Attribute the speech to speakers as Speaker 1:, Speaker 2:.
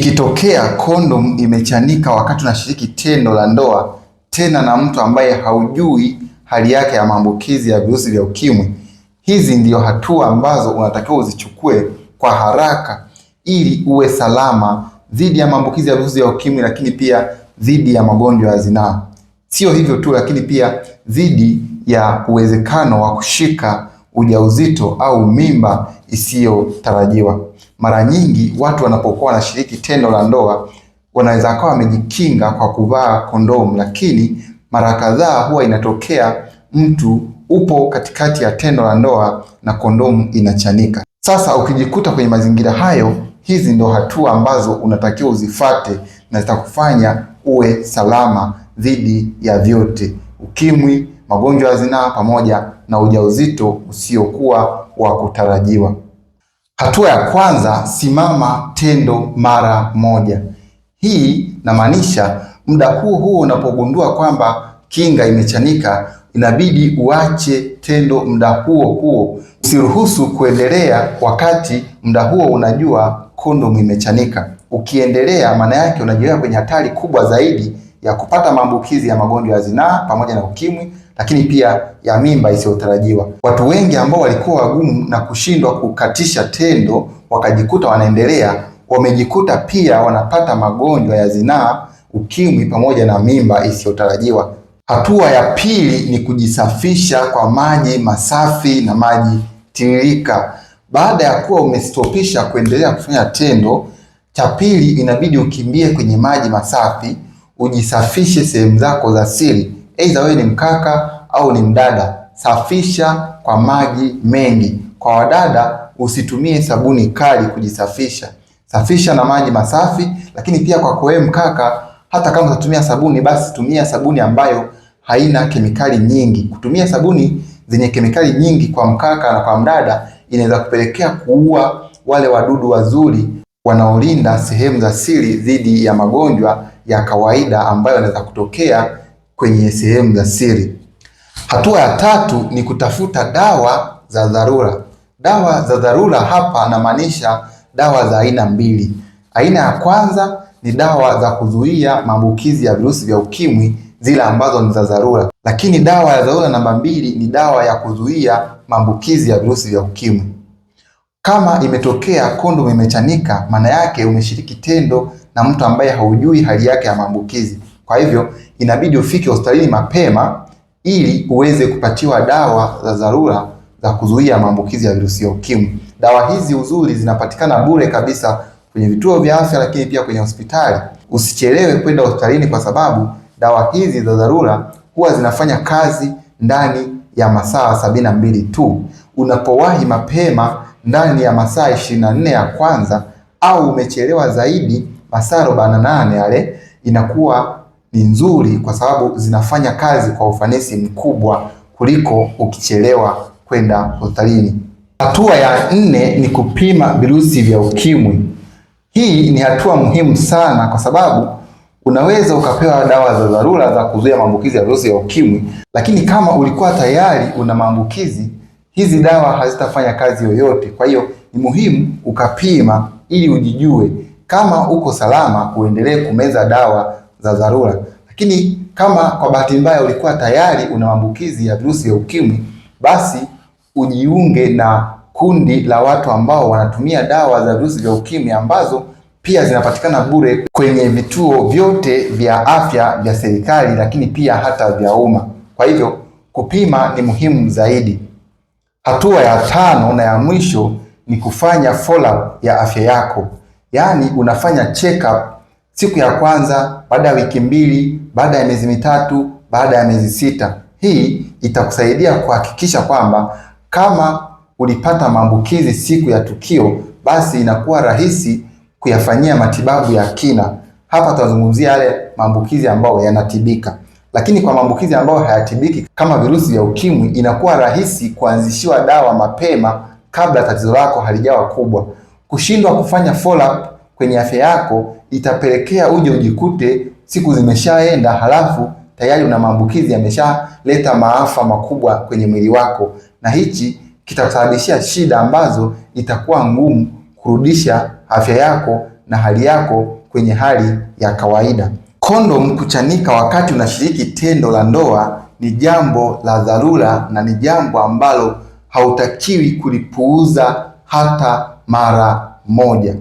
Speaker 1: Ikitokea kondom imechanika wakati unashiriki tendo la ndoa, tena na mtu ambaye haujui hali yake ya maambukizi ya virusi vya UKIMWI, hizi ndiyo hatua ambazo unatakiwa uzichukue kwa haraka ili uwe salama dhidi ya maambukizi ya virusi vya UKIMWI, lakini pia dhidi ya magonjwa ya zinaa. Sio hivyo tu, lakini pia dhidi ya uwezekano wa kushika ujauzito au mimba isiyotarajiwa mara nyingi watu wanapokuwa wanashiriki tendo la ndoa wanaweza wakawa wamejikinga kwa kuvaa kondomu, lakini mara kadhaa huwa inatokea mtu upo katikati ya tendo la ndoa na kondomu inachanika. Sasa ukijikuta kwenye mazingira hayo, hizi ndo hatua ambazo unatakiwa uzifate na zitakufanya uwe salama dhidi ya vyote: ukimwi, magonjwa ya zinaa, pamoja na ujauzito usiokuwa wa kutarajiwa. Hatua ya kwanza, simama tendo mara moja. Hii namaanisha muda huo huo unapogundua kwamba kinga imechanika, inabidi uache tendo muda huo huo. Usiruhusu kuendelea wakati muda huo unajua kondomu imechanika. Ukiendelea, maana yake unajiweka kwenye hatari kubwa zaidi ya kupata maambukizi ya magonjwa ya zinaa pamoja na ukimwi, lakini pia ya mimba isiyotarajiwa. Watu wengi ambao walikuwa wagumu na kushindwa kukatisha tendo wakajikuta wanaendelea, wamejikuta pia wanapata magonjwa ya zinaa, ukimwi pamoja na mimba isiyotarajiwa. Hatua ya pili ni kujisafisha kwa maji masafi na maji tiririka. Baada ya kuwa umestopisha kuendelea kufanya tendo, cha pili inabidi ukimbie kwenye maji masafi ujisafishe sehemu zako za siri, aidha wewe ni mkaka au ni mdada, safisha kwa maji mengi. Kwa wadada usitumie sabuni kali kujisafisha, safisha na maji masafi. Lakini pia kwako wewe mkaka, hata kama utatumia sabuni, basi tumia sabuni ambayo haina kemikali nyingi. Kutumia sabuni zenye kemikali nyingi kwa mkaka na kwa mdada inaweza kupelekea kuua wale wadudu wazuri wanaolinda sehemu za siri dhidi ya magonjwa ya kawaida ambayo yanaweza kutokea kwenye sehemu za siri. Hatua ya tatu ni kutafuta dawa za dharura. Dawa za dharura hapa anamaanisha dawa za aina mbili. Aina ya kwanza ni dawa za kuzuia maambukizi ya virusi vya ukimwi, zile ambazo ni za dharura, lakini dawa ya dharura namba mbili ni dawa ya kuzuia maambukizi ya virusi vya ukimwi. Kama imetokea kondomu imechanika, maana yake umeshiriki tendo na mtu ambaye haujui hali yake ya maambukizi. Kwa hivyo inabidi ufike hospitalini mapema ili uweze kupatiwa dawa za dharura za kuzuia maambukizi ya virusi vya UKIMWI. Dawa hizi uzuri zinapatikana bure kabisa kwenye vituo vya afya, lakini pia kwenye hospitali. Usichelewe kwenda hospitalini kwa sababu dawa hizi za dharura huwa zinafanya kazi ndani ya masaa sabini na mbili tu. Unapowahi mapema ndani ya masaa ishirini na nne ya kwanza au umechelewa zaidi Masaro Bana nane yale inakuwa ni nzuri kwa sababu zinafanya kazi kwa ufanisi mkubwa kuliko ukichelewa kwenda hospitalini. Hatua ya nne ni kupima virusi vya ukimwi. Hii ni hatua muhimu sana kwa sababu unaweza ukapewa dawa za dharura za kuzuia maambukizi ya virusi vya ukimwi, lakini kama ulikuwa tayari una maambukizi, hizi dawa hazitafanya kazi yoyote. Kwa hiyo ni muhimu ukapima ili ujijue kama uko salama, uendelee kumeza dawa za dharura, lakini kama kwa bahati mbaya ulikuwa tayari una maambukizi ya virusi vya ukimwi, basi ujiunge na kundi la watu ambao wanatumia dawa za virusi vya ukimwi ambazo pia zinapatikana bure kwenye vituo vyote vya afya vya serikali, lakini pia hata vya umma. Kwa hivyo kupima ni muhimu zaidi. Hatua ya tano na ya mwisho ni kufanya follow up ya afya yako yaani unafanya check up siku ya kwanza, baada ya wiki mbili, baada ya miezi mitatu, baada ya miezi sita. Hii itakusaidia kuhakikisha kwamba kama ulipata maambukizi siku ya tukio, basi inakuwa rahisi kuyafanyia matibabu ya kina. Hapa tunazungumzia yale maambukizi ambayo yanatibika, lakini kwa maambukizi ambayo hayatibiki kama virusi vya ukimwi, inakuwa rahisi kuanzishiwa dawa mapema kabla tatizo lako halijawa kubwa. Kushindwa kufanya follow up kwenye afya yako itapelekea uje ujikute siku zimeshaenda, halafu tayari una maambukizi yameshaleta maafa makubwa kwenye mwili wako, na hichi kitakusababishia shida ambazo itakuwa ngumu kurudisha afya yako na hali yako kwenye hali ya kawaida. Kondom kuchanika wakati unashiriki tendo la ndoa ni jambo la dharura na ni jambo ambalo hautakiwi kulipuuza hata mara moja.